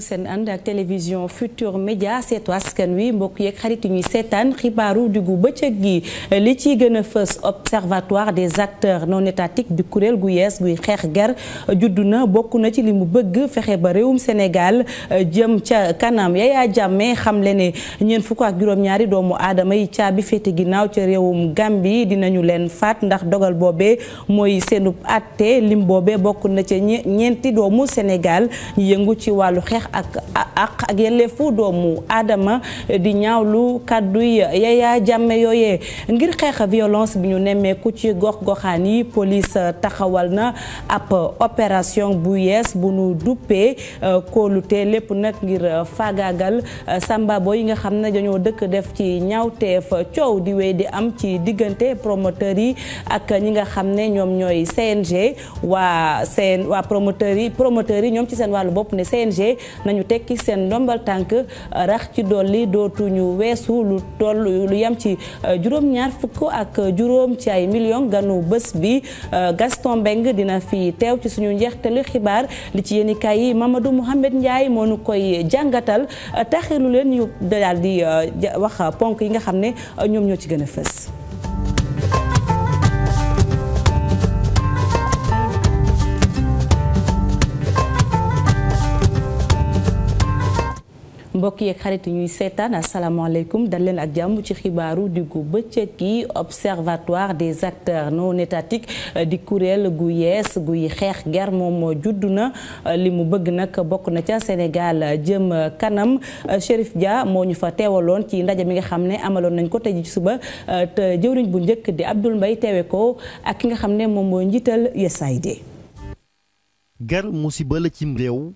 seen ànd ak télévision Futur Média seetu askan wi mbokk yeeg xarit yi ñuy seetaan xibaaru diggu bëccëg gi li ci gën a fës observatoire des acteurs non étatiques du kuréel gu yees guy xeex ger juddu na bokk na ci li bëgg fexe ba réewum Sénégal jëm ca kanam Yaya Jammeh xam le ne ñeent fukk ak juróom-ñaari doomu aadama yi caabi féete ginnaaw ca réewum Gambie dinañu leen faat ndax dogal boobee mooy seenub àtte lim boobee bokk na ca ñeenti doomu Sénégal ak ak ak yelleefu doomu aadama di ñaawlu kàdduy Yaya Jammeh yooye ngir xeex violence bi ñu nemmeeku ci gox-goxaan yi police euh, taxawal na ab opération bu yees bu nu duppee euh, kóolute lépp nag ngir euh, faagaagal sambabo yi nga xam ne dañoo dëkk def ci ñaawteef coow di wéy di am ci diggante promoteur yi ak ñi nga xam ne ñoom ñooy CNG waa seen waa promoteur yi promoteur yi ñoom ci seen wàllu bopp ne CNG nañu tekki seen ndombal tànk rax ci dolli dootuñu weesu lu toll lu yem ci euh, juróom-ñaar fukk ak juróom ci ay million ganu bës bi euh, Gaston Mbengue dina fi teew ci suñu njeextelu xibaar li ci yéenikaay yi Mamadou Mouhamed Ndiaye moo nu koy jàngatal euh, taxilu leen ñu daal di wax ponk yi nga xam ne ñoom ñoo ci gën a fës mbokk yeeg xarit yi ñuy seetaan asalaamaaleykum dal leen ak jàmm ci xibaaru diggu bëccëg gi observatoire des acteurs non étatiques euh, di kuréel gu yees guy xeex ger moom moo juddu na euh, li mu bëgg nag bokk na ca Sénégal euh, jëm kanam Chérif Dia moo ñu fa teewaloon ci ndaje mi nga xam ne amaloon nañ ko tey ji suba te jëwriñ bu njëkk di Abdoul Mbaye teewe ko ak ki nga xam ne moom mooy njiital USAID. ger musiba la cim réew.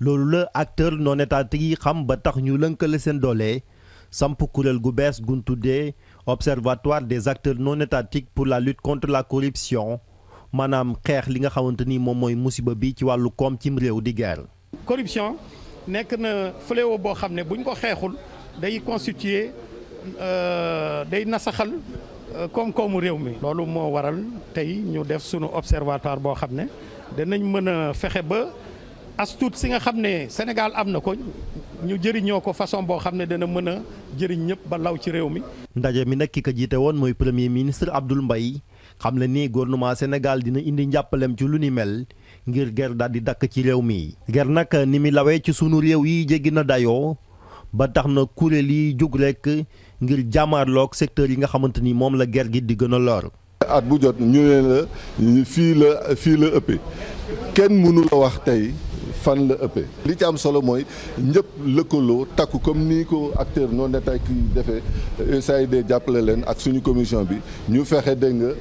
loolu la acteur non étatique yi xam ba tax ñu lënkale seen doole samp kuréel gu bees guntu tuddee observatoire des acteurs non étatiques pour la lutte contre la corruption maanaam xeex li nga xamante ni moom mooy musiba bi ci wàllu koom cim réew di guerre. corruption nekk na fléau boo xam ne buñ ko xeexul day constituer euh, day nasaxal euh, koom-koomu réew mi. loolu moo waral tey ñu def sunu observatoire boo xam ne danañ mën a fexe ba. astuut si nga xam ne Sénégal am na ko ñu jëriñoo ko façon boo xam ne dana mën a jëriñ ñëpp ba law ci réew mi. ndaje mi nag ki ko jiite woon mooy premier ministre Abdoul mbay xam le ni gouvernement Sénégal dina indi njàppaleem ci lu ni mel ngir ger daal di dakk ci réew mi. ger nag ni mi lawee ci sunu réew yi jéggi na dayoo ba tax na kuréel yi jóg rekk ngir jàmmaarloog secteur yi nga xamante ni moom la ger gi di gën a lor. at bu jot ñu ne la fii la fii kenn mënu la wax tey. fan la ëppee li ci am solo mooy ñëpp lëkkaloo takku comme nii ko acteur non état ki defee USAID jàppale leen ak suñu commission bi ñu fexe dégg nga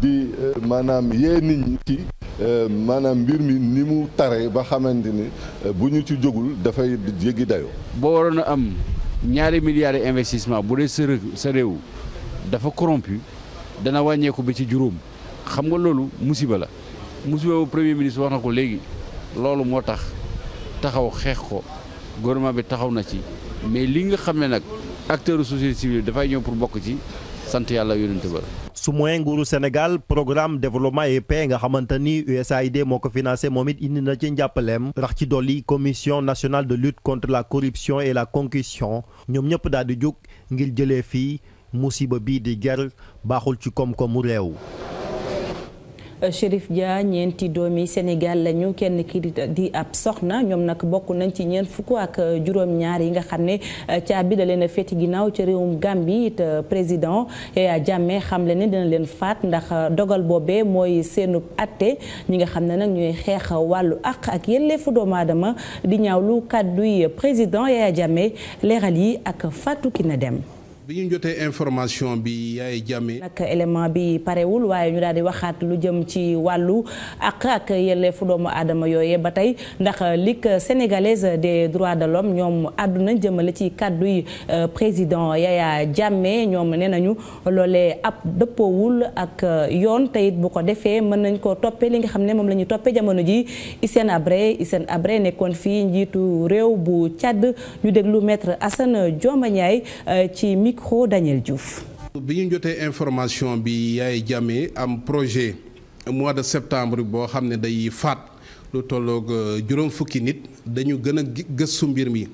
di euh, maanaam yee nit ñi ci euh, maanaam mbir mi ni mu tare ba xamante ni euh, bu ñu ci jógul dafay jéggi dayoo. boo waroon a am ñaari milliards investissement bu dee sa sa réew dafa corrompu dana wàññeeku bi ci juróom xam nga loolu musiba la musiba bu premier ministre wax na ko léegi. loolu moo tax taxaw xeex ko gouvernement bi taxaw na ci mais li nga xam ne nag acteur société civile dafay ñëw pour bokk ci sant yàlla yonent ba su moyen nguuru Sénégal programme développement et paix nga xamante ni USAID moo ko financé moom it indi na ci njàppaleem rax ci dolli commission nationale de lutte contre la corruption et la concussion ñoom ñëpp daal di jóg ngir jëlee fii musiba bii di guerre baaxul ci koom-koomu réew Chérif Dia ñeenti doomi Sénégal lañu kenn ki di ab soxna ñoom nag bokk nañ ci ñeent fukk ak juróom-ñaar yi nga xam ne euh, caabi da leen a féeti ginnaaw ci réewum Gambie it euh, président Yaya Jammeh xam le ne dina leen faat ndax euh, dogal boobee mooy seenu atte ñi nga xam ne nag ñooy xeex wàllu àq ak yelleefu doomu aadama di ñaaw ñaawlu kàdduy président Yaya Jammeh leexal yi ak Fatou na dem bi ñu jotee information bi yaay jàmme nag élément bi parewul waaye ñu daal di waxaat lu jëm ci wàllu ak ak fu doomu aadama yooyee ba tey ndax ligue sénégalaise des droits de l'homme ñoom àdduna jëmale ci kàddu yi euh, président Yaya Jammeh ñoom nee nañu loole ab dëppoowul ak euh, yoon te bu ko defee mën nañ ko toppee li nga xam ne moom la ñuy toppee jamono ji Hissène Habré Hissène Habré nekkoon fii njiitu réew bu Tchad ñu déglu maître Assane Dioma Ndiaye euh, micro Daniel Diouf. bi ñu jotee information bi yaay jamee am projet mois de septembre boo xam ne day faat lu tolloog euh, juróom fukki nit dañu gën a gëstu mbir mi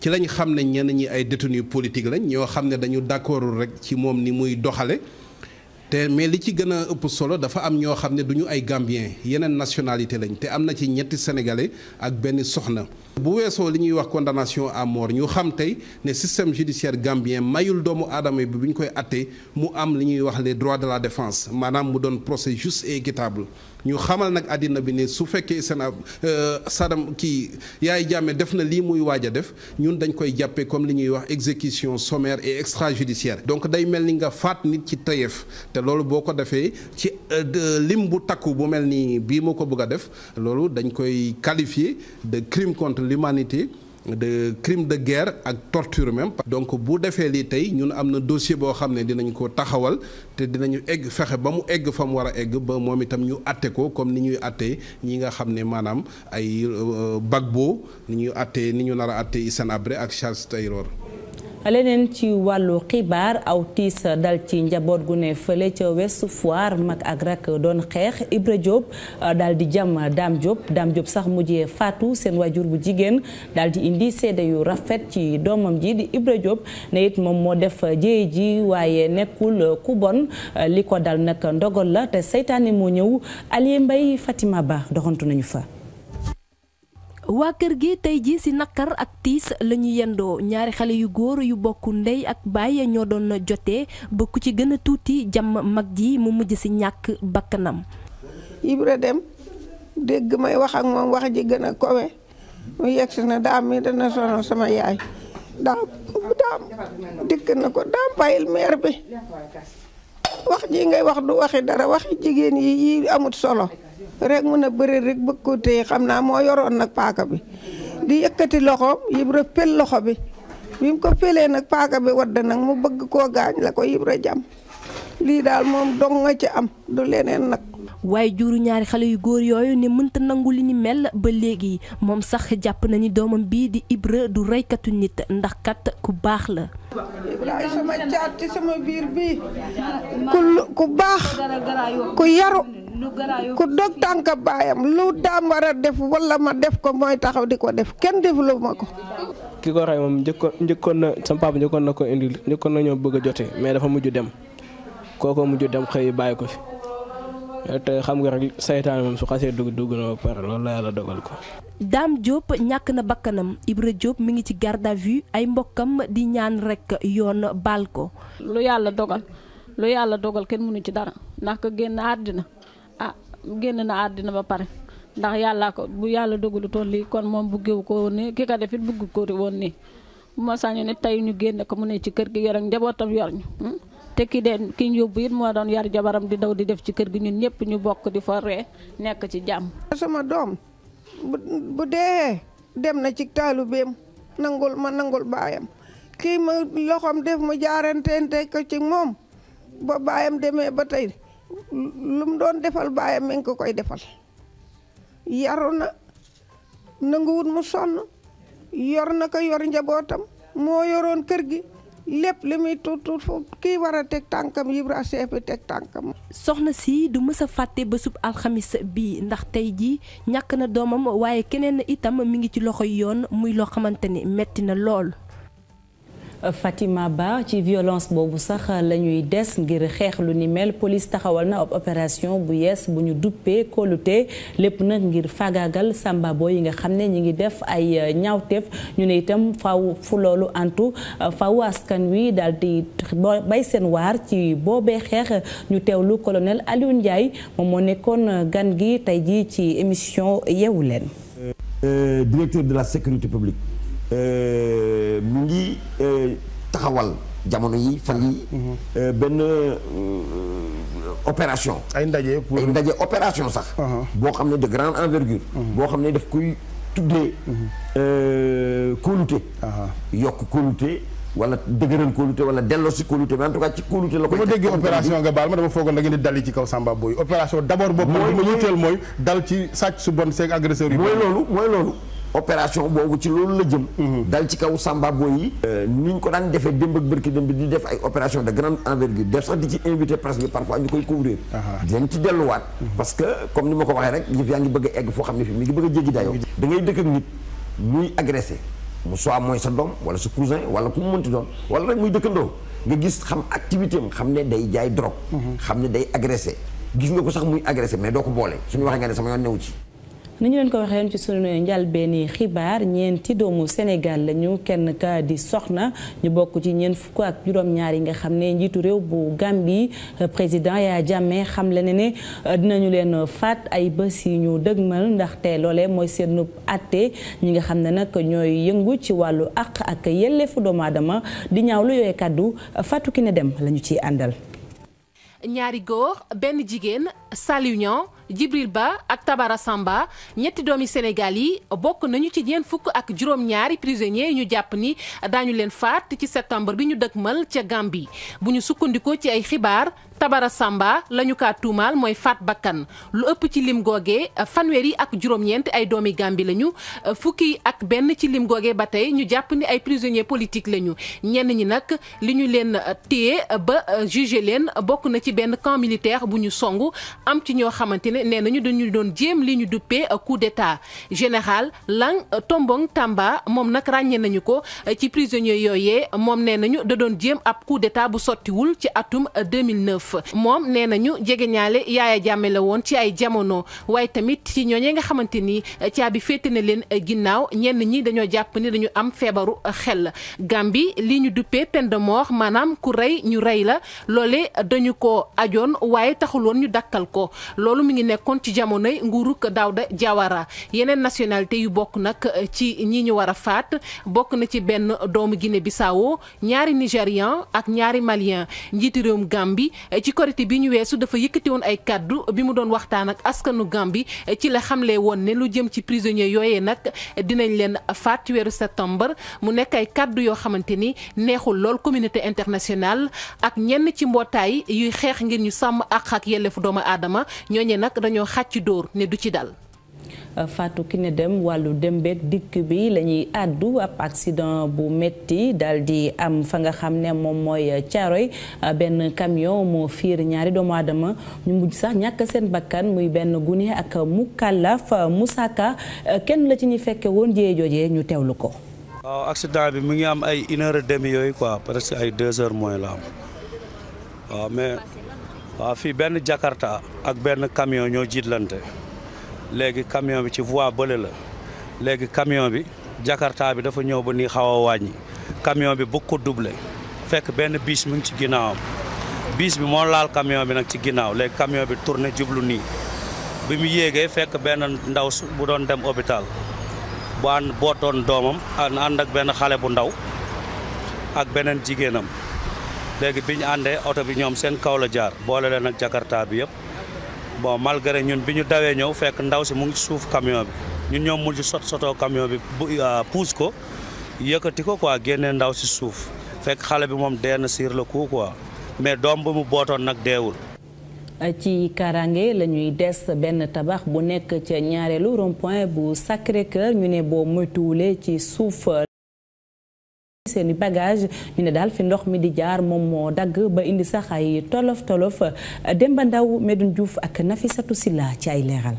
ci lañ xam ne ñenn ñi ay détenus politiques lañ ñoo xam ne dañu d'accordul rek ci moom ni muy doxale te mais li ci gën a ëpp solo dafa am ñoo xam ne duñu ay Gambien yeneen nationalité lañ te am na ci ñetti sénégalais ak benn soxna. bu weesoo li ñuy wax condamnation à mort ñu xam tey ne système judiciaire gambien mayul doomu aadama bi bu ñu koy attee mu am li ñuy wax les droits de la défense maanaam mu doon procès juste et équitable ñu xamal nag àddina bi ne su fekkee seen ab euh, Sadam kii yaay jàmme def na lii muy waaj a def ñun dañ koy jàppee comme li ñuy wax exécution sommaire et extra extrajudiciaire donc day mel ni nga faat nit ci tayeef te loolu boo ko defee ci euh, lim bu takku bu mel ni bii ma ko bëgg a def loolu dañ koy qualifier l'humanité de crime de guerre ak torture même. donc bu defee lii tey ñun am na dossier boo xam ne dinañ ko taxawal te dinañu egg fexe ba mu egg fa mu war a egg ba moom itam ñu àtte ko comme ni ñuy àttee ñi nga xam ne maanaam ay euh, bag bo ni ñuy àttee ni ñu nar a àttee Hissène ak Charles Taylor. leneen ci wàllu xibaar aw tiis dal ci njaboot gu ne fële ca Ouest Foire mag ak rak doon xeex Ibra Diop euh, daal di jam Dame Diop Dame Diop sax mujjee faatu seen waajur bu jigéen daal di indi seede yu rafet ci doomam ji di Ibra Diop ne it moom moo def jéey ji waaye nekkul ku bon li ko dal nag ndogal la te seytaane moo ñëw Alié Mbaye Fatima Ba doxantu nañu fa waa kër gi tey jii si naqar ak tiis la yendoo ñaari xale yu góor yu bokk ndey ak baay ñoo doon jotee ba ku ci gën a tuuti jàmm mag ji mu mujj si ñàkk bakkanam Ibra dem dégg may wax ak moom wax ji gën a kowe mu yegsi na daam mi dana sonal sama yaay daam daam dikk na ko daam bàyyil meer bi wax ji ngay wax du waxi dara waxi jigéen yi yi amut solo rek mën a bëri rek bëgg ko téye xam naa moo yoroon nag paaka bi di yëkkati loxo Ibra pel loxo bi bi mu ko pelee nag paaka bi wadd nag mu bëgg koo gaañ la ko Ibra jam lii daal moom dong nga ci am du leneen nag. waaye juru ñaari xale yu góor yooyu ne mënta nangu li ni mel ba léegi moom sax jàpp na ni doomam bii di Ibra du reykatu nit ndax kat ku baax la. Ibra sama caat ci sama biir bi ku ku baax ku yaru. ku dog tànk baayam lu daam war a def wala ma def ko mooy taxaw di ko def kenn defuloo ma ko. ki ko rey moom njëkkoon njëkkoon na sama papa njëkkoon na ko indil njëkkoon na ñoo bëgg a jote mais dafa mujj dem kooko mujj dem xëy bàyyi ko fi te xam nga rek seytaane moom su xasee dugg dugg na ba pare loolu la yàlla dogal ko. Dame Diop ñàkk na bakkanam ibre Diop mi ngi ci garde à vue ay mbokkam di ñaan rek yoon baal ko. lu yàlla dogal lu yàlla dogal kenn mënu ci dara ah génn na àddina ba pare ndax yàllaa ko bu yàlla dogalu toon lii kon moom buggewu ko woon nii ki ko defit bugg ko woon nii bu ma sañu ne tey ñu génne ko mu ne ci kër gi yor njabootam yor ñu hmm? te ki deen ki ñu yóbbu it moo doon yar jabaram di daw di def ci kër gi ñun ñëpp ñu bokk di fa nekk ci jàmm sama doom bu dee dem na ci taalubeem nangul ma nangul baayam kii ma loxoom def mu jaaranteente ko ci moom ba baayam demee ba tey lu mu doon defal baayam mi ko koy defal yaru na nanguwut mu sonn yor na ko yor njabootam moo yoroon kër gi lépp li muy tuut tuut foofu kii war a teg tànkam Ibra Seck bi teg tànkam. soxna si du mës a fàtte bésub alxamis bi ndax tey jii ñàkk na doomam waaye keneen itam mi ngi ci loxoy yoon muy loo xamante ni metti na lool. Euh, Fatima Ba ci violence boobu sax lañuy des ngir xeex lu ni mel police taxawal na ab opération bu yees bu ñu duppee kóolute lépp nag ngir fagaagal samba boy yi nga xam ne ñi ngi def ay euh, ñaawteef ñu ne itam faw fu loolu antu euh, faw askan wi daal di bay seen waar ci boobee xeex ñu teewlu colonel Aliou Ndiaye moom nekkoon gan gi tey jii ci émission yeewu leen. directeur de la sécurité publique. Euh, mu ngi euh, taxawal jamono yi fan yi mhm. euh, benn opération. ay ndaje pour ndaje opération sax. Uh-huh. boo xam ne de grande envergure. Mhm. boo xam ne daf koy tuddee. Mhm. kóolute. Uh-huh. yokk kóolute. wala dëgëral kóolute wala delloo si kóolute mais ci kóolute la koy. bu ma nga baal ma dama foogoon da ngeen di dali ci kaw Samba Boy opération d' abord. boobu mooy li ma yitteel mooy dal ci sàcc su bon seeg agresseur yi. mooy loolu mooy loolu. opération boobu ci loolu la jëm. dal ci kaw Samba Boy yi. Euh, ni ñu ko daan defee démb ak bërki démb di def ay opération de grande envergure def sax di ci invité presse bi parfois ñu koy couvrir. Ah ah. dinañ ci delluwaat. parce que comme ni ma ko waxee rek yëf yaa ngi bëgg egg foo xam ne fii mi ngi bëgg a jéggi dayoo. da nit muy agressé mu soit mooy sa doom wala sa cousin wala ku mu mënti doon wala rek muy dëkkandoo nga gis xam activité am xam ne day jaay drogue. Mhm. xam ne day agressé gis nga ko sax muy agressé mais doo ko boole suñu waxee nga ne sama yoon newu ci. ni ñu leen ko waxee ci sunu njëlbeeni xibaar ñeenti doomu Sénégal lañu kenn ka di soxna ñu bokk ci ñeent fukk ak juróom-ñaar yi nga xam ne njiitu réew bu Gambie président Yaya Jammeh xam la ne ne dinañu leen faat ay bés yi ñu mal ndax te loole mooy seen àtte ñi nga xam ne nag ñooy yëngu ci wàllu àq ak yelleefu doomu aadama di ñaawlu yooyu kàddu Fatou Kiné Deme lañu ciy àndal. ñaari góor benn jigéen Saliou Niang Djibril Ba ak Tabara Samba ñetti doomi Sénégal yi bokk nañu ci ñeent fukk ak juróom-ñaari prisonniers ñu jàpp ni daañu leen faat ci septembre bi ñu dëkkmal ca Gambie bu ñu sukkandiku ci ay xibaar Tabara Samba la ñu kaa tuumaal mooy faat bakkan lu ëpp ci lim googee fanweer yi ak juróom-ñeent ay doomi Gàmbi lañu fukki ak benn ci lim googee ba tey ñu jàpp ni ay prisonniers politiques lañu ñenn ñi nag li ñu leen téye ba jugé leen bokk na ci benn camp militaire bu ñu songu am ci ñoo xamante ne nee nañu dañu doon jéem li ñu duppee coup d'état général Lang Tombong Tamba moom nag ràññee nañu ko ci prisonniers yooyee moom nee nañu da doon jéem ab coup d'état bu moom nee nañu jege yaay yaaya jàmme la woon ci ay jamono waaye tamit ci ñooñee nga xamante ni eh, caabi féete na leen eh, ginnaaw ñenn ñi dañoo jàpp ni dañu am feebaru eh, xel Gàmbi lii ñu duppee peine de mort maanaam ku rey ñu rey la loole dañu ko ajoon waaye taxul woon ñu dakkal ko loolu mu ngi nekkoon ci jamonoy nguuruk Daawda Jawara yeneen nationalité yu bokk nag ci ñi ñu war a faat bokk na ci benn doomu Guinée Bissau ñaari nigerian ak ñaari malien njiiti réewum Gàmbi Eh, ci korité bi ñu weesu dafa yëkkati woon ay kàddu bi mu doon waxtaan ak askanu Gambie eh, ci la xamle woon ne lu jëm ci prisonniers yooye nag eh, dinañ leen faat ci weeru septembre mu nekk ay kàddu yoo xamante ni neexul lool communauté internationale ak ñenn ci mbootaay yuy xeex ngir ñu sàmm ak ak yelleefu doomu aadama ñooñe nag dañoo xàcc dóor ne du ci dal Euh, Fatou Kiné Deme wàllu dem beeg dikk bi lañuy àddu ab accident bu metti dal di am fa nga xam ne moom mooy Thiaroy euh, benn camion moo fiir ñaari doomu aadama ñu mujj sax ñàkk seen bakkan muy benn gune ak mukallaf euh, Moussa musaka kenn la ci ñu fekkee woon jiyee joojee ñu teewlu ko. waaw accident bi mu ngi am ay une heure et yooyu quoi presque ay deux heures mooy la am waaw mais waaw fii benn Jakarta ak benn camion ñoo jiitlante. léegi camion bi ci voie bële la léegi camion bi jakarta bi dafa ñëw ba nii xaw a wàññi camion bi bu ko doublé fekk benn biis mu ngi ci ginnaawam biis bi moo laal camion bi nag ci ginnaaw léegi camion bi tourné jublu nii bi mu yéegee fekk benn ndaw su bu doon dem hôpital bu ànd bootoon doomam ànd ak benn xale bu ndaw ak beneen jigéenam léegi bi ñu àndee oto bi ñoom seen kaw jaar boole leen ak jakarta bi yëpp bon malgré ñun bi ñu dawee ñëw fekk ndaw si mu ngi suuf camion bi ñun ñoo mujj sot soto camion bi euh, pousse ko yëkkati ko quoi génnee ndaw si suuf fekk xale bi moom dee na sur le coup quoi mais doom bi mu bootoon nag deewul. ci kaaraange lañuy des benn tabax bu nekk ca ñaareelu rond-point bu sacre cœur ñu ne boo moytuwulee ci suuf seeni bagage ñu daal fi ndox mi di jaar moom moo dagg ba indi sax ay tolof tolof Demba Ndaw Medoune Diouf ak Nafissatou Silla ci ay leeral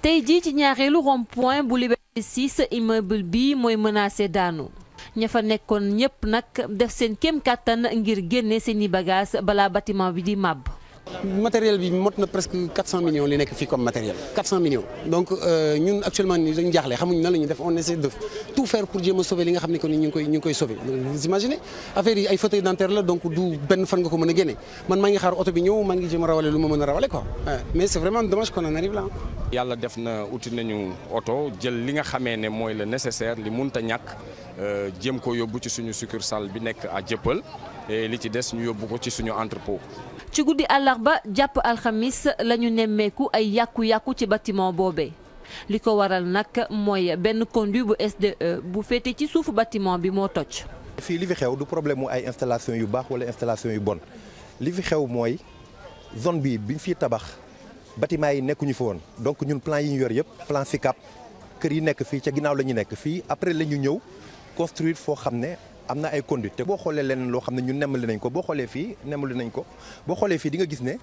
tey jii ci ñaareelu rond-point bu Liberté 6 immeuble bi mooy menacé daanu ña fa nekkoon ñépp nag def seen kéem kàttan ngir génne seeni bagage balaa bâtiment bi di màbb matériel bi mot na presque 400 millions li nekk fii comme matériel 400 millions donc euh, ñun actuellement nii dañu jaaxle xamuñu nan la ñuy def on essaie de tout faire pour jéem a sauver li nga xam ne que ni ñu ngi koy ñu ngi koy sauver vous imaginez affaire yi ay fauteuil dentaire la donc du benn fan nga ko mën a génne man maa ngi xaar oto bi ñëw maa ngi jéem a rawale lu ma mën a rawale quoi mais c'est vraiment dommage qu'on en arrive là yàlla def na uti nañu oto jël li nga xamee ne mooy le nécessaire li munta ñàkk euh, jéem ko yóbbu ci suñu succursale bi nekk à li ci des ñu yóbbu ko ci suñu entrepôt ci guddi ba jàpp alxamis la ñu nemmeeku ay yàqu-yàqu ci bâtiment boobee li ko waral nag mooy benn conduit bu SDE bu féete ci suufu bâtiment bi moo toj. fii li fi xew du problème mu ay installation yu baax wala installation yu bon li fi xew mooy zone bi biñ fiy tabax bâtiment yi nekkuñu fa woon donc ñun plan yi ñu yor yëpp plan kàpp kër yi nekk fii ca ginnaaw la ñu nekk fii après la ñu ñëw construire foo xam ne. am na ay conduite te boo xoolee leen loo xam ne ñun nemmali nañ ko boo xoolee fii nemmali nañ ko boo xoolee fii di gis ne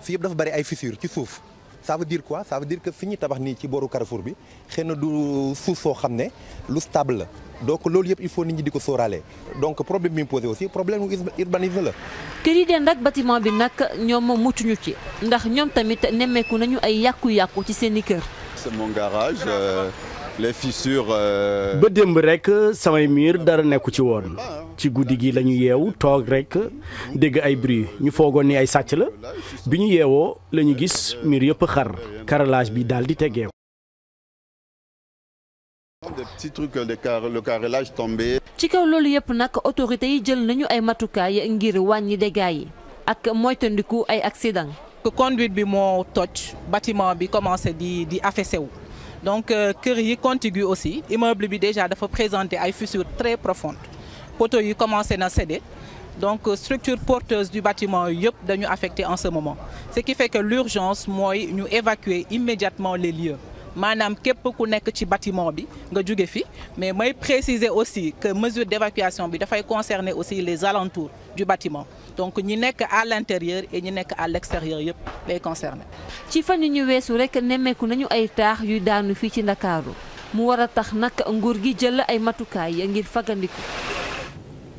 fii yëpp dafa bari ay fissures ci suuf ça veut dire quoi ça veut dire que fi ñu tabax nii ci booru Carrefour bi xëy na du suuf soo xam ne lu stable la donc loolu yëpp il faut nit ñi di ko sóoraale donc problème bi mu posé aussi problème urbanisme la. kër yi dend ak bâtiment bi nag ñoom mucc ñu ci ndax ñoom tamit nemmeeku nañu ay yàqu-yàqu ci seen i kër. c'est mon garage. Euh, les fissures. Euh, rek samay miir dara nekku ci woon ci guddi gi la ñu toog rek dégg ay bruit ñu foogoon ni ay sàcc la yeewoo la gis miir yëpp xar bi daal di teggeeku. des euh, ci kaw loolu yëpp nag autorité yi jël nañu ay matukaay ngir wàññi dégâts yi ak moytandiku ay accident. que conduite bi moo toj bâtiment bi commencé di di affaissé wu. donc euh, kër yi contigu aussi immeuble bi déjà dafa présenter ay fissures très profondes poteaux yi commencé na céder donc euh, structure porteuse du bâtiment yëpp dañu affecté en ce moment ce qui fait que l'urgence mooy ñu évacuer immédiatement les lieux maanaam képp ku nekk ci bâtiment bi nga jóge fi mais may préciser aussi que mesure d'évacuation bi dafay concerner aussi les alentours ju bâtiment donc ñi nekk à l'intérieur et ñi nekk à l'extérieur yëpp lay concerner. ci fan yu ñu weesu rek nemmeeku nañu ay taax yuy daanu fii ci Ndakaaru mu war a tax nag nguur gi jël ay matukaay ngir fagandiku.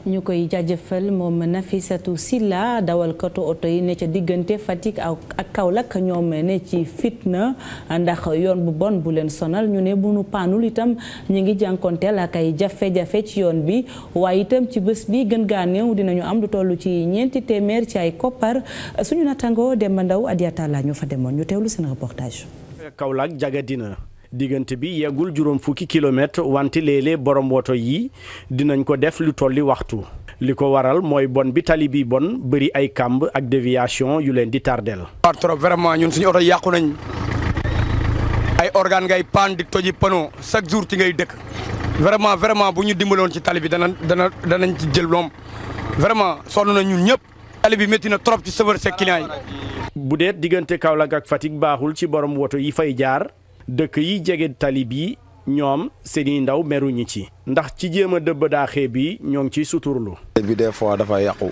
ñu koy jaajëfal moom Nafisatu Silla dawalkatu oto yi ne ca diggante Fatick ak Kaolack ñoom ne ci fitna ndax yoon bu bon bu leen sonal ñu ne bu nu paanul itam ñu ngi jànkonteel ak ay jafe-jafe ci yoon bi waaye itam ci bés bi gën gaa néew dinañu am lu toll ci ñeenti téeméer ci ay koppar suñu dem Demba Ndaw Adiata la ñu fa demoon ñu teewlu seen reportage. Kaolack jagadina diggante bi yeggul juróom fukki kilomètre wante léeg-léeg borom woto yi dinañ ko def lu tolli waxtu li ko waral mooy bon bi tali bi bon bëri ay kàmb ak déviation yu leen di tardel waaw trop vraiment ñun suñu oto yàqu nañ ay organe ngay paan di toji panneau chaque jour ci ngay dëkk vraiment vraiment bu ñu dimbaloon ci tali bi dana dana danañ ci jël loom vraiment sonn na ñun ñëpp tali bi métti na trop ci sëfër seen yi bu dee diggante Kaolack ak Fatick baaxul ci borom woto yi fay jaar dëkk yi jege tali bi ñoom seeni ndaw meruñu ci ndax ci jéem a dëbb daaxee bi ñoo ngi ciy suturlu bi des fois dafa yàqu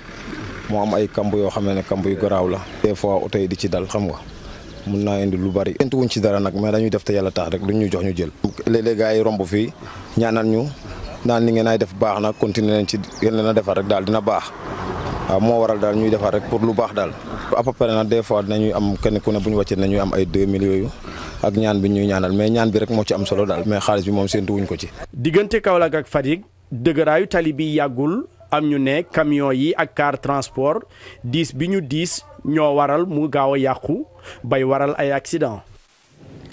moo am ay kamb yoo xam ne kamb yu garaaw la des fois oto di ci dal xam nga mun naa indi lu bari tentuwuñ ci dara nag mais dañuy def te yàlla tax rek lu ñu jox ñu jël léeg-léeg yi romb fii ñaanal ñu naa li ngeen ay def baax na continuer leen ci yéen leen a defar rek daal dina baax waaw moo waral daal ñuy defar rek pour lu baax daal. à peu près nag des fois dinañuy am kenn ku ne bu ñu wàccee nañuy am ay 2 millions yooyu ak ñaan bi ñuy ñaanal mais ñaan bi rek moo ci am solo daal mais xaalis bi moom séntu wuñ ko ci. diggante Kaolack ak Fatick dëgëraayu tali bi yàggul am ñu ne camion yi ak car transport diis bi ñu diis ñoo waral mu gaaw a yàqu bay waral ay accident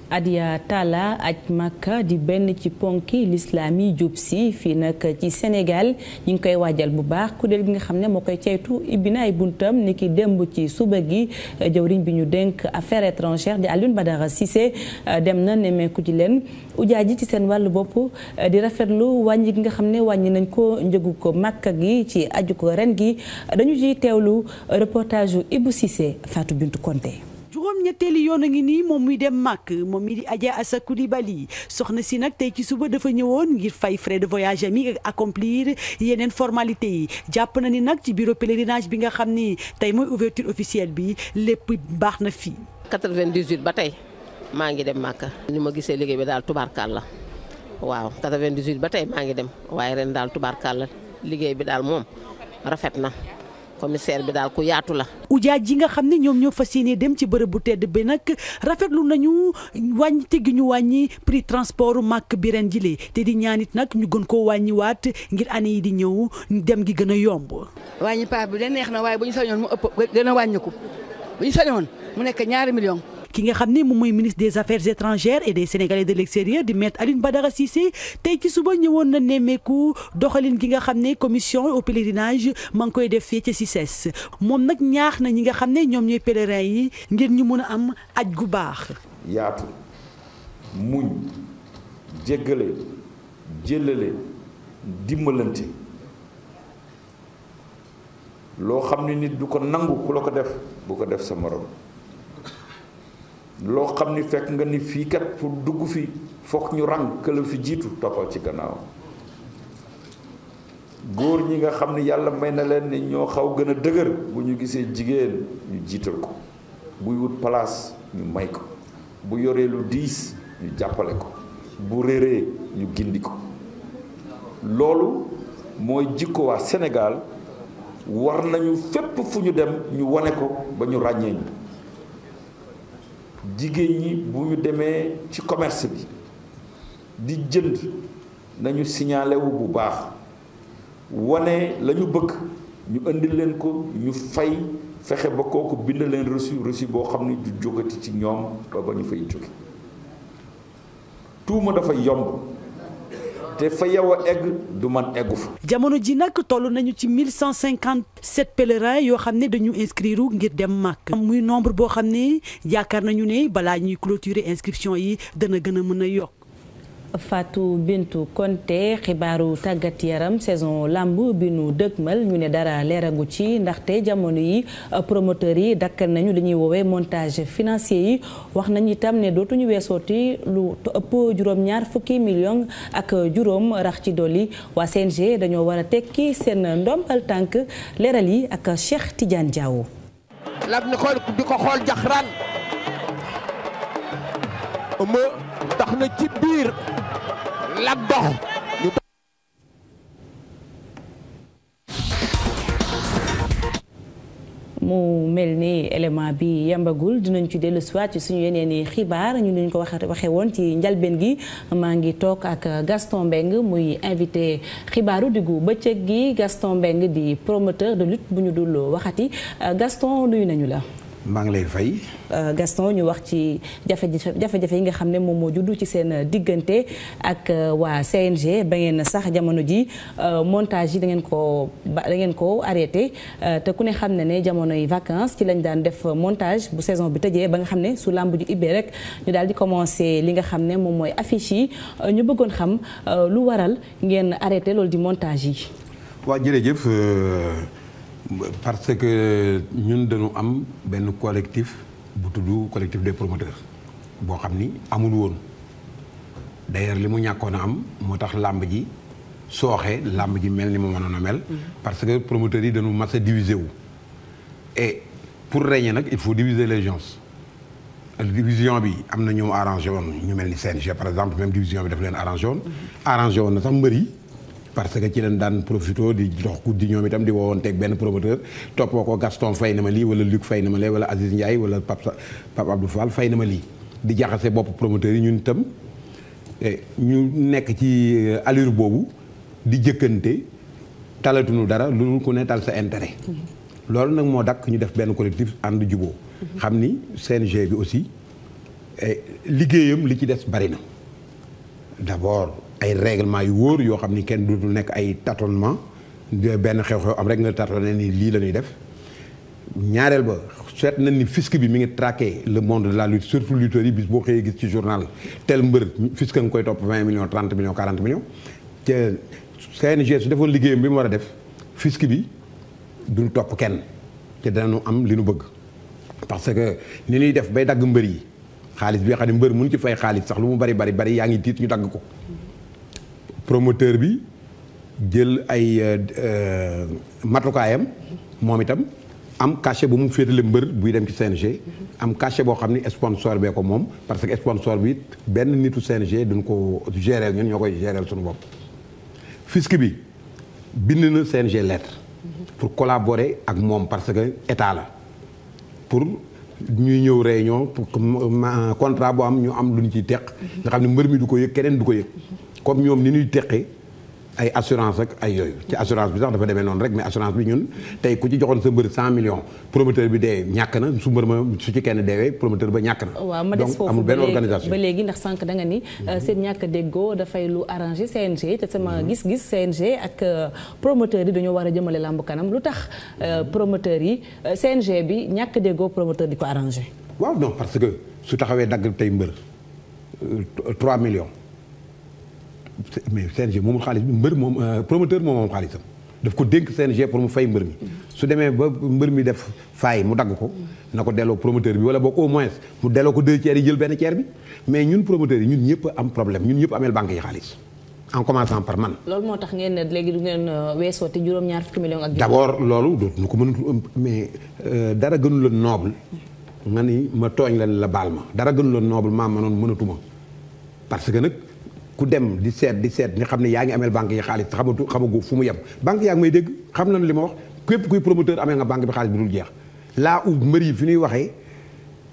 Adia Talla aj Makka di benn ci ponki lislaam yi jub si fii nag ci Sénégal ñu ngi koy waajal bu baax kuréel gi nga xam ne moo koy ceytu ibbi na ay buntam ni ki démb ci suba gi eh, jëwriñ bi ñu dénk affaire étrangères di Alioune Badara Cissé eh, dem na ku ci leen ujaa ji ci seen wàllu bopp eh, di rafetlu wàññi gi nga xam ne wàññi nañ ko njëgu ko Makka gi ci aju ko ren gi dañu ciy teewlu reportage yu Ibou Cissé Fatou Bintou Konté juróom ñetteelu yoon a ngi nii moom muy dem màkk moom mi di Adja Assa Coulibaly soxna si nag tey ci suba dafa ñëwoon ngir fay frais de voyage am yi accomplir yeneen formalité yi jàpp na ni nag ci bureau pèlerinage bi nga xam ni tey mooy ouverture officielle bi lépp baax na fii. 98 ba tey maa ngi dem màkk ni ma gisee liggéey bi daal tubaarkaal la waaw 98 ba tey maa ngi dem waaye ren daal tubaarkaal la liggéey bi daal moom rafet na. commissaire bi daal ku yaatu la. ujaaj ji nga xam ne ñoom ñoo fas yéene dem ci bërëb bu tedd bi nag rafetlu nañu wàññi teggi ñu wàññi prix transport màkk bi ren jile te di ñaanit nag ñu gën koo waat ngir année yi di ñëw dem gi gën a yomb. wàññi paas bi de neex na waaye bu ñu sañoon mu ëpp gën a wàññiku bu ñu sañoon mu nekk ñaari millions. ki nga xam ne moom mooy ministre des affaires étrangères et des sénégalais de l'extérieur di maître Alioune Badara Cissé tey ci suba ñëwoon na nemmeeku doxalin ki nga xam ne commission au pèlerinage maa koy def fii ci CICES moom nag ñaax na ñi nga xam ne ñoom ñooy pèlerins yi ngir ñu mun a am aj gu baax. yaatu muñ jéggale jëllale dimbalante loo xam ne nit du ko nangu ku la ko def bu ko def sa morom. loo xam ni fekk nga ni fii kat pour dugg fi foog ñu rang këla fi jiitu toppal ci gannaaw góor ñi nga xam ni yàlla may na leen ni ñoo xaw gën a dëgër bu ñu gisee jigéen ñu jiital ko buy wut palaas ñu may ko bu yoree lu diis ñu jàppale ko bu réeree ñu gindi ko loolu mooy jikko waa Sénégal war nañu fépp fu ñu dem ñu wane ko ba ñu ràññee ñu jigéen ñi bu ñu demee ci commerce bi di jënd nañu siñaalewu bu baax wane lañu bëgg ñu indi leen ko ñu fay fexe ba kooku bind leen reçu reçu boo xam ni du jógati ci ñoom ba ba ñu fay jóge tuuma dafa yomb te fa yow a egg du man eggu fa. jamono ji nag toll nañu ci mille cent cinquante sept pèlerins yoo xam ne dañu inscrire ngir dem màkk. muy nombre boo xam ne yaakaar nañu ne balaa ñuy clôturer inscription yi dana gën a mën a yokk. Fatou Bintou konte xibaaru tàggat yaram saison làmb bi nu dëgmal ñu ne dara leeragu ci ndaxte jamono yi euh, promoteur yi dakkal nañu li woowe woowee montage financier yi wax nañ tam ne dootuñu weesooti lu ëpp juróom-ñaar fukki million ak juróom rax ci dolli waa CNG dañoo war a tekki seen ndombal tànk leeral yi ak Cheikh Tidiane Diaw. lam ni xool di ko xool jaxraan ma tax na ci biir Lac mu mel ni élément bi yambagul dinañ ci dellu soit ci suñu yeneen i xibaar ñu nuñ ko waxe waxee woon ci njalbeen gi maa ngi toog ak Gaston Mbengue muy invité xibaaru diggu bëccëg gi Gaston Mbengue di promoteur de lutte bu ñu dul waxati Gaston nuyu nañu la maa ngi lay fay. Euh, Gaston ñu wax ci jafe-jafe yi nga xam ne moom moo juddu ci seen diggante ak euh, waa CNG ba ngeen sax jamono ji euh, montage yi da ngeen ko da ngeen ko arrêté te ku ne xam ne ne jamonoy vacances ci lañ daan def montage bu saison bi tëjee ba nga xam ne su làmb ju ibbee rek ñu daal di commencé li nga xam ne moom mooy affiche ñu bëggoon xam lu waral ngeen arrêté loolu di montage yi. waa jërëjëf. parce que ñun dañu am benn collectif bu tudd collectif des promoteurs boo xam ni amul woon d'ailleurs li mu ñàkkoon a am moo tax làmb ji sooxee làmb ji mel ni mu mënoon a mel. Mm-hmm. parce que promoteurs yi dañu mas diviser wu. et pour régner nag il faut diviser les gens division bi am na ñu arrangé woon ñu mel ni CNG par exemple même division bi daf leen arrangé woon. Mm-hmm. arrangé woon na sax mbër yi. parce que ci leen daan profito di dox ku di ñoom itam di woowanteeg benn promoteur toppoo ko Gaston fay na ma lii wala Luc fay na ma lee wala Aziz Ndiaye wala Pape Pape Abdou Fall fay na ma lii di jaxase bopp promoteur yi ñun itam eh, ñu nekk ci euh, allure boobu di jëkkante talatuñu dara lu ku ne tal sa intérêt mm-hmm. loolu nag moo dakk ñu def benn collectif ànd juboo mm-hmm. xam ni seen CNG bi aussi eh, liggéeyam li ci des bari na d'abord ay réglement yu wóor yoo xam ni kenn dootul nekk ay tâtonnement benn xew-xew am rek nga tâtonné ni lii la ñuy def ñaareel ba seet nañ ni fisc bi mi ngi traqué le monde de la lutte surtout lutteurs yi bi boo xëyee gis ci journal tel mbër fisc nga koy topp 20 millions 30 millions 40 millions te CNG su defoon liggéeyam bi mu war a def fisc bi duñ topp kenn te danañu am li nu bëgg parce que ni ñuy def bay dagg mbër yi xaalis bi nga xam ne mbër ci fay xaalis sax lu mu bari bari bari yaa ngi tiit ñu dagg ko promoteur bi jël ay euh, matukaayam moom itam am cachet bu mu féetale mbër buy dem ci CNG. am cachet boo xam ne sponsor bee ko moom parce que sponsor bi benn nitu CNG duñ ko gérer ñun ñoo koy gérer suñu bopp. fisc bi bind na CNG lettre. pour collabore ak moom parce que état la pour ñuy ñëw réunion pour contrat bu am ñu am lu ñu ciy teq. nga xam ne mbër mi du ko yëg keneen du ko yëg. comme ñoom ni ñuy teqee ay assurance ak ay yooyu ci assurance bi sax dafa demee noonu rek mais assurance bi ñun tey ku ci joxoon sa mbër 100 millions promoteur bi dee ñàkk na su mbër ma su ci kenn deewee promoteur ba ñàkk na. waaw ma des foofu amul benn organisation ba léegi ndax sànq da ni euh, mm-hmm. seen ñàkk a déggoo dafay lu arrangé CNG te sama mm-hmm. gis-gis CNG ak euh, promoteur yi dañoo war a jëmale làmb kanam lu tax euh, mm-hmm. promoteur yi CNG bi ñàkk a déggoo promoteur di ko arrangé. waaw non parce que su taxawee dagg tey mbër 3 millions. mais CNG moomul xaalis bi mbër moom euh, promoteur moom moom xaalisam daf ko dénk CNG pour mu fay mbër mi su demee ba mbër mi def faay mu dagg ko na ko delloo promoteur bi wala boo au moins mu delloo ko deux tiers yi jël benn tiers bi mais ñun promoteurs yi ñun ñëpp am problème ñun ñëpp ameel banque yi xaalis en commençant par man. loolu moo tax ngeen ne léegi du ngeen euh, weesoo te juróom-ñaar fukki millions ak. d' abord loolu dootuñu ko mënut mais euh, dara gënu la noble ma tooñ leen la baal dara gënu la noble maa mënoon mënatuma parce que ku dem di seet di seet ni xam ne yaa ngi ameel banque yi xaalis xamatu xamagu fu mu yem banque yaa ngi may dégg xam nañu li ma wax képp kuy promoteur amee nga banque bi xaalis bi dul jeex laa u mbër yi fi ñuy waxee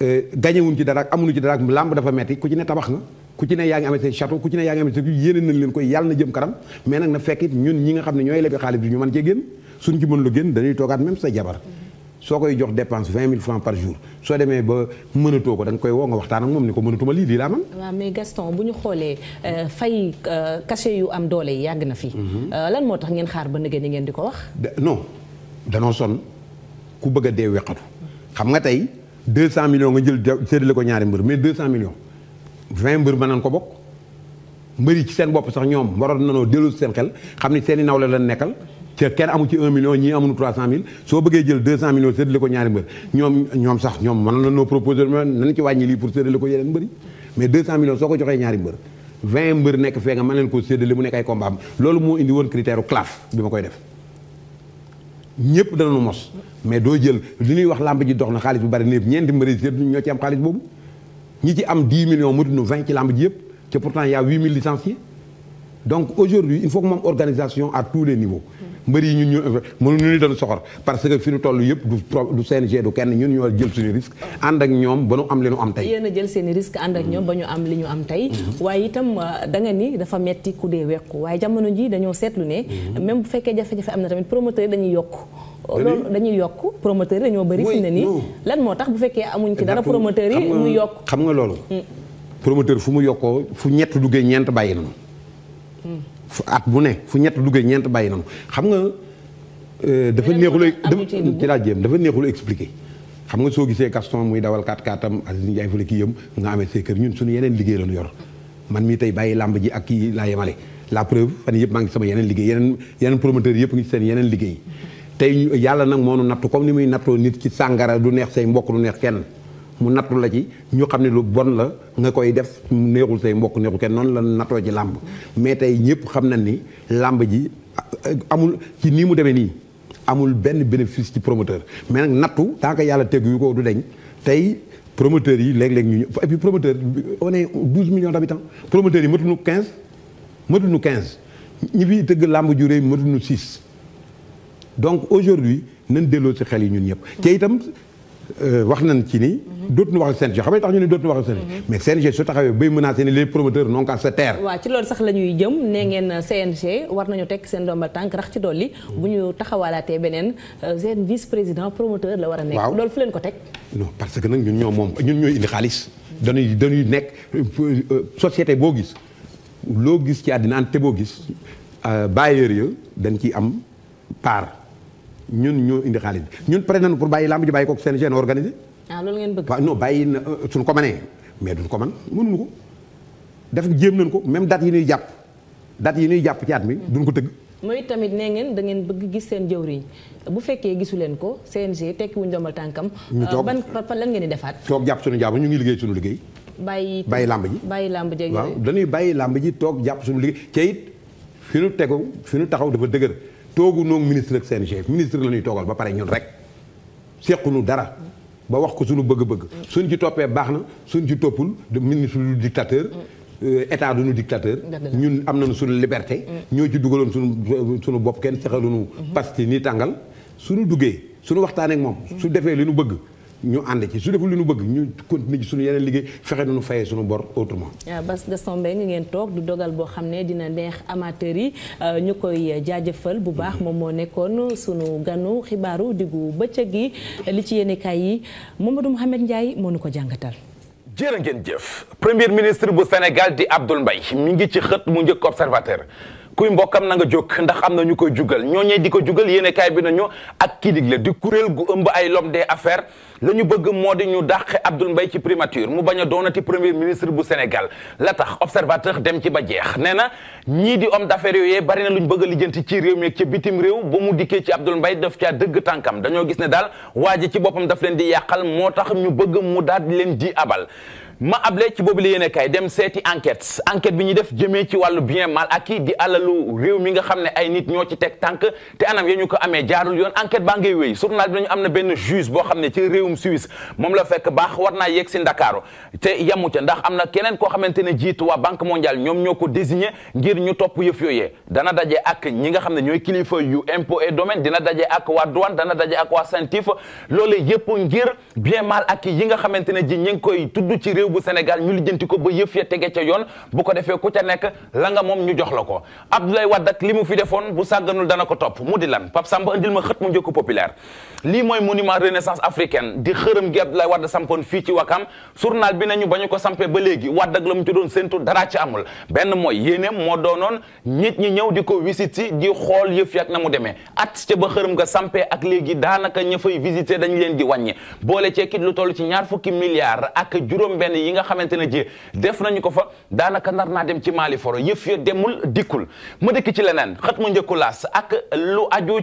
euh, gañewuñ ci dara ak amuñu ci dara ak làmb dafa metti ku ci ne tabax nga ku ci ne yaa ngi amee say château ku ci ne yaa ngi amee say yéene nañ leen koy yàlla na jëm kanam mais na fekk it ñun ñi nga xam ne ñooy lebi xaalis bi ñu mën cee génn suñ ci mën lu génn dañuy toogaat même sa jabar soo koy jox dépense vingt mille francs par jour soo demee ba mënatoo ko da nga koy woo nga waxtaan ak moom ni ko mënatuma lii lii laa man waaw mais Gaston bu ñu xoolee euh, fay euh, cachet yu am doole yi yàgg na fi. Mhm. Euh, lan moo tax ngeen xaar ba nëgë ni ngeen di ko wax. no danoo son ku bëgg a dee weqatu xam nga tey deux cent millions nga jël séddale ko ñaari mbër mais deux cent millions vingt mbër mën nañ ko bokk. mbëri ci seen bopp sax ñoom waroon nanoo dellu seen xel xam ni seen i nawle la nekkal te kenn amu ci 1 million ñii amuñu 300000 soo bëggee jël 200 millions séddale ko ñaari mbër ñoom ñoom sax ñoom mën na noo proposé nañ ci wàññi lii pour séddale ko yeneen mbëri mais 200 millions soo ko joxee ñaari mbër moo indi woon critère u claf bi ma koy def ñëpp danañu mos mais doo jël li ñuy wax làmb ji dox na xaalis bu bari népp ñeenti mbëri sédd ñoo ci am xaalis boobu ñi ci am 10 millions mu dund 20 ci làmb ji yëpp te pourtant y a 8000 licenciés donc aujourd'hui il faut que organisation à tous les niveaux mbëri yi ñun ñu ñu doon soxor parce que fi ñu toll yëpp du du CNG du kenn ñu ñoo jël suñu risque ànd ak ñoom ba ñu am li ñu am tey yéen jël seen risque ànd ak ñoom ba am li ñu am tey mhm. waaye itam euh, da nga ni dafa metti ku dee wekku waaye jamono ji dañoo seetlu ne mhm. même bu fekkee jafe-jafe am na tamit promoteur yi dañuy yokk loolu dañuy yokk promoteur yi dañoo bëri fi ne nii lan moo tax bu fekkee amuñ ci dara promoteur yi muy yokk xam nga loolu mm. promoteur fu mu yokkoo fu ñett duggee ñeent bàyyi nañu fu at bu ne fu ñett duggee ñeent bàyyi nañu xam nga. Euh, dafa neexul ci laa jéem dafa neexul expliqué. xam nga soo gisee Gaston muy dawal 4x4 am Aziz Ndiaye fële nga amee say kër ñun sunu yeneen liggéey lañu yor man mii tey bàyyi làmb ji ak kii laa yemale la preuve fan yëpp maa ngi sama yeneen liggéey yeneen yeneen promoteur yëpp ngi seen yeneen liggéey tey yàlla nag moo nu nattu comme ni muy nattoo nit ci sàngara du neex say mbokk du neex kenn mu nattu la ci ñu xam ne lu bon la nga koy def neexul say mbokk neexul kenn noonu la nattoo ci làmb mais tey ñëpp xam na ni làmb ji amul ci nii mu demee nii amul benn bénéfice ci promoteur mais nag nattu tant que yàlla tegu yu ko du deñ tey promoteurs yi léeg-léeg ñu ñëw et puis promoteur on est 12 millions d'habitants promoteurs yi matuñu 15 matuñu quinze ñi fi tëgg làmb ju réy nu 6 donc aujourd'hui nañ delloo ci xel yi ñun ñëpp. te itam Euh, wax nañ ci ni. Mhm. dootuñu wax ak CNG xam ne dootuñu wax ak CNG. Mhm. mais CNG su taxawee bay menacé ni les promoteurs non qu'à se taire. waaw ci loolu sax la ñuy jëm nee ngeen CNG war nañu teg seen ndombal tànk rax ci dool dolli. bu ñu taxawaalaatee beneen euh, seen vice président promoteur la war a nekk. waaw fu leen ko teg. non parce que nag ñun ñoo moom ñun ñooy indi xaalis. dañuy dañuy nekk euh, société boo gis loo gis ci àddina te boo gis bailleurs ya dañ ci am part. ñun ñoo indi xaalis bi ñun pare nañu bàyyi lamb ji bàyyi ko gene organisé. ah ngeen bëgg. waaw non na euh, suñu ko mënee mais duñ ko mën mënuñu ko def jéem nañ ko même date yi ñuy jàpp date yi ñuy jàpp ci at mi ko tëgg. mooy tamit nee ngeen da ngeen bëgg gis seen jëwriñ bu fekkee gisu leen ko CNG tekki wuñ dombal tànkam. ñu toog euh, ban fan lan ngeen di jàpp suñu jàpp ñu ngi liggéey suñu liggéey. bàyyi bàyyi làmb ji bàyyi làmb ji waaw dañuy bàyyi làmb ji toog jàpp suñu liggéey te it fi ñu tegu fi ñu taxaw dafa dëgër toogu noog ministre ak CNG ministre la ñuy toogal ba pare ñun rek sequnu dara ba wax ko suñu bëgg-bëgg suñ ci toppee baax na suñ ci toppul de ministre du dictateur euh, état duñu dictateur ñun am nañu suñu liberté mm. ñoo ci dugaloon suñu suñu bopp kenn sexaluñu mm-hmm. parce que ni tàngal suñu duggee suñu waxtaan ak moom su defee li ñu bëgg ñu ànd ci su deful li ñu bëgg ñu continuer ci suñu yeneen liggéey fexe nu fayee suñu bor autrement. waaw ah, Bass Gaston Mbengue ngeen toog du dogal boo xam ne dina neex amateurs yi euh, ñu koy jaajëfal bu baax moom moo nekkoon sunu ganu xibaaru diggu bëccëg yi li ci yéenekaay yi Mamadou Mouhamed Ndiaye moo nu ko jàngatal. jërë ngeen jëf premier ministre bu Sénégal di Abdoul Mbaye mi ngi ci xët mu njëkk observateur. kuy mbokkam na nga jóg ndax am na ñu koy jugal ñooñee di jugal yéene kaay bi nañu ak kii digle di kuréel gu ëmb ay lom des affaires lañu bëgg moo di ñu dàq Abdoul mbay ci primature mu bañ a doonati premier ministre bu Sénégal la tax observateur dem ci ba jeex nee na ñii di homme daffaire yooyee bari na lu ñu bëgg a lijjanti ci réew mi ak ci bitim réew ba mu dikkee ci Abdoul mbay daf caa dëgg tànkam dañoo gis ne daal waa ji ci boppam daf leen di yàqal moo tax ñu bëgg mu daal di leen di abal ma able ci boobu la yéene kay dem seeti enquête enquête bi ñuy def jëmee ci wàllu bien mal acquis di alalu réew mi nga xam ne ay nit ñoo ci teg tànk te anam ya ñu ko amee jaarul yoon enquête baa ngay wéy journal bi nañu am na benn juge boo xam ne ci réewum Suisse moom la fekk baax war naa yegg si Ndakaaru te yamu ca ndax am na keneen koo xamante ne jiitu waa banque mondiale ñoom ñoo ko désigné ngir ñu topp yëf yooye dana daje ak ñi nga xam ne ñooy kilifa yu impôt et domaine dina daje ak waa douane dana daje ak waa CENTIF loolu yëpp ngir bien mal acquis yi nga xamante ne ji ñi ngi koy tudd ci réew bu Sénégal ñu lijjanti ko ba yëf ya tege ca yoon bu ko defee ku ca nekk la nga moom ñu jox la ko Abdoulaye Wade ak li mu fi defoon bu sàgganul dana ko topp mu di lan Pape Samba indil ma xët mu njëkk populaire lii mooy monument renaissance africaine di xërëm gi Abdoulaye Wade sampoon fii ci Wakam journal bi nañu ba ñu ko sampee ba léegi Wade ak la mu ci doon séntu dara ci amul benn mooy yéeneem moo doonoon nit ñi ñëw di ko wisit si di xool yëf yak na mu demee at ca ba xërëm nga sampee ak léegi daanaka ña fay visité dañ leen di wàññi boole ceekit lu toll ci ñaar fukki ak juróom benn yenn yi nga xamante ne ji def nañu ko na daanaka nar naa dem ci Mali foro yëf ya demul dikkul ma dëkk ci leneen xët mu njëkku laas ak lu aju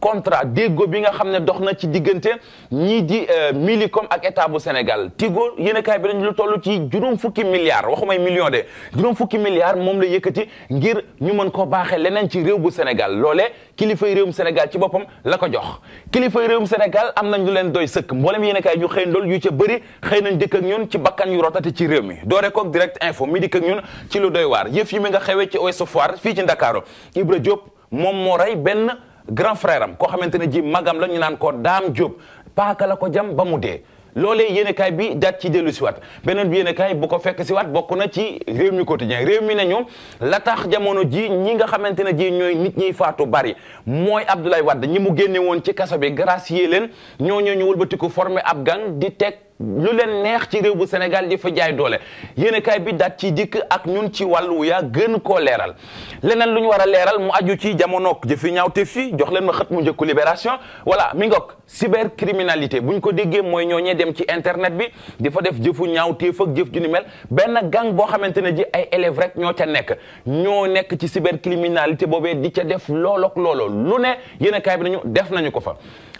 contrat déggoo bi nga xam ne dox na ci diggante ñii di euh, Millicom ak état bu Sénégal Tigo yéenekaay bi dañ lu toll ci juróom fukki milliards waxumay million de juróom fukki milliards moom la yëkkati ngir ñu mën ko baaxe leneen ci réew bu Sénégal loolee kilifay réewum senegal ci boppam la ko jox kilifay réewum senegal am nañ ñu leen doy sëkk mboolem yéenekaay ñu xëy ndool yu ca bëri xëy nañ dëkk ak ñun ci bakkan yu rotati ci réew mi doore koog direct info mi dikk ak ñun lu doy waar yëf yi mi nga xewee ci Ouest Foire fii ci Ndakaaru Ibra Diop moom moo rey benn grand frère am koo xamante ne ji magam la ñu naan ko Dame Diop paaka la ko jam ba mu dee loolee yéenekaay bi daat ci dellu si beneen bi yéenekaay bu ko fekk si waat bokk na ci réew mi quotidien réew mi nañu la tax jamono ji ñi nga xamante ne ji ñooy nit ñiy faatu bari mooy Abdoulaye da ñi mu génne woon ci kaso bi gracier leen ñoo ñoo ñu wëlbatiku formé ab gang di teg lu leen neex ci réew bu Sénégal di fa jaay doole yéen bi daat ci dikk ak ñun ci wàllu yaa gën koo leeral leneen lu ñu war a leeral mu aju ci jamonook ñaaw ñaawteef yi jox leen ma xët mu njëkku libération voilà mi ngoog cybercriminalité buñ ko déggee mooy ñooñee dem ci internet bi di fa def jëfu ñaawteef ak jëf ju ni mel benn gang boo xamante ne ji ay élèves rek ñoo ca nekk ñoo nekk ci criminalité boobee di ca def loolok loolo lu ne yéen bi nañu def nañu ko fa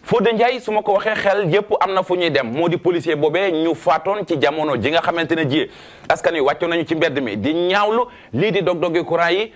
Fodé Ndiaye su ma ko waxee xel yëpp am na fu ñuy dem moo di policier boobee ñu faatoon ci jamono ji nga xamante ne ji askan wi wàccoon nañu ci mbedd mi di ñaawlu lii di dog-dogi courant yi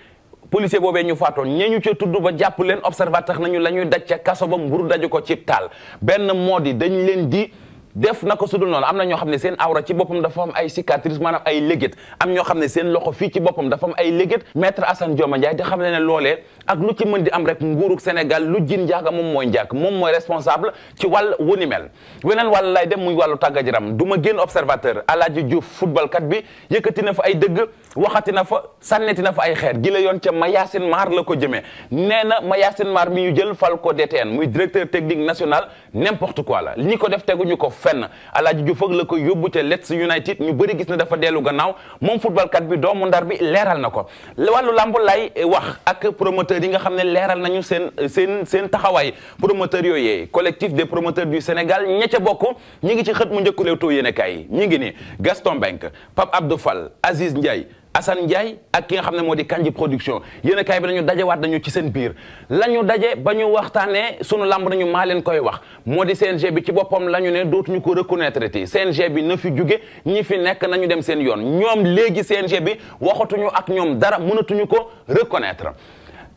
policier boobee ñu faatoon ñee ñu ca tudd ba jàpp leen observateur nañu la ñuy daj ca kaso ba mburu daju ko ci taal benn moo di dañ leen di def na ko sudul noonu am na ñoo xam ne seen awra ci boppam dafa am ay cicatrice maanaam ay léget am ñoo xam ne seen loxo fii ci boppam dafa ay léget maître Assane Dioma Ndiaye di xam ne ne loolee ak lu ci mën di am rek nguurug Sénégal lu jin njaaga moom mooy njaag moom mooy responsable ci wàll wu ni mel weneen wàll lay dem muy wàllu tàggat yaram du ma génn observateur Alaaji Diouf football kat bi yëkkati na fa ay dëgg waxati na fa sànneti na fa ay xeer gi la yoon ca Mayacine Mar la ko jëmee nee na Mayacine Mar mi ñu jël fal ko DTN muy directeur technique national n'importe quoi la ñi ko def teguñu ko fenn Alaaji Diouf foog la ko yóbbu ca Leeds United ñu bëri gis ne dafa dellu gannaaw moom footballkat bi doomu ndar bi leeral na ko wàllu làmb lay wax ak promoteur yi nga xam ne leeral nañu seen seen seen taxawaay promoteur yooyee collectif des promoteurs du Sénégal ña ca bokk ñi ngi ci xët mu njëkk Leewtoo yéenekaay yi ñi ngi ni Gaston Mbengue Pape Abdou Fall Aziz Ndiaye Assane Ndiaye ak ki nga xam ne moo di Kandji production bi a kaay bi dañu dajewaat nañu ci seen biir lañu daje ba ñu waxtaanee sunu lamb nañu maa leen koy wax moo di CNG bi ci boppam la ñu ne dootuñu ko reconnaître ti CNG bi na fi jóge ñi fi nekk nañu dem seen yoon ñoom léegi CNG bi waxatuñu ak ñoom dara mënatuñu ko reconnaître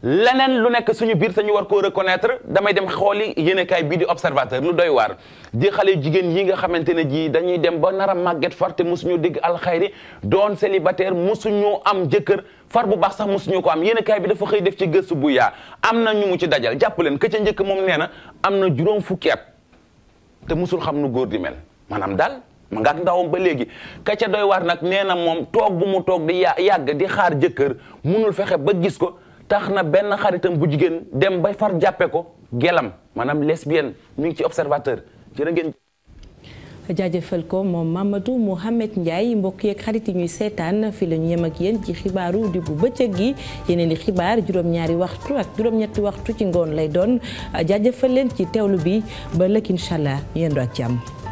leneen lu nekk suñu biir sañu war koo reconnaître damay dem xooli yéenekaay bii di observateur lu doy waar di xale jigéen yi nga xamante ne ji dañuy dem ba nar a màgget far te mosuñu dégg alxayri doon célibataire mosuñu am jëkkër far bu baax sax mosuñu ko am yéenekaay bi dafa xëy def ci gëstu bu yaa am na ñu mu ci dajal jàpp leen ka ca njëkk moom nee na am na juróom fukki te mosul xam nu góor di mel maanaam daal ma ndawam ba léegi ka ca nag nee na moom toog mu toog di yàgg di xaar jëkkër munul fexe ba gis ko tax na benn xaritam bu jigéen dem bay far jàppe ko gelam maanaam lesbienne mi ngi ci observateur jërë ngeen jaajëfal ko moom Mamadou Mouhamed Ndiaye mbokk yeeg xarit yi ñuy seetaan fi la ñu yem ak yéen ci xibaaru di bu bëccëg gi yeneen i xibaar juróom-ñaari waxtu ak juróom-ñetti waxtu ci ngoon lay doon jaajëfal leen ci teewlu bi ba lëkk incha allah yéen ak jàmm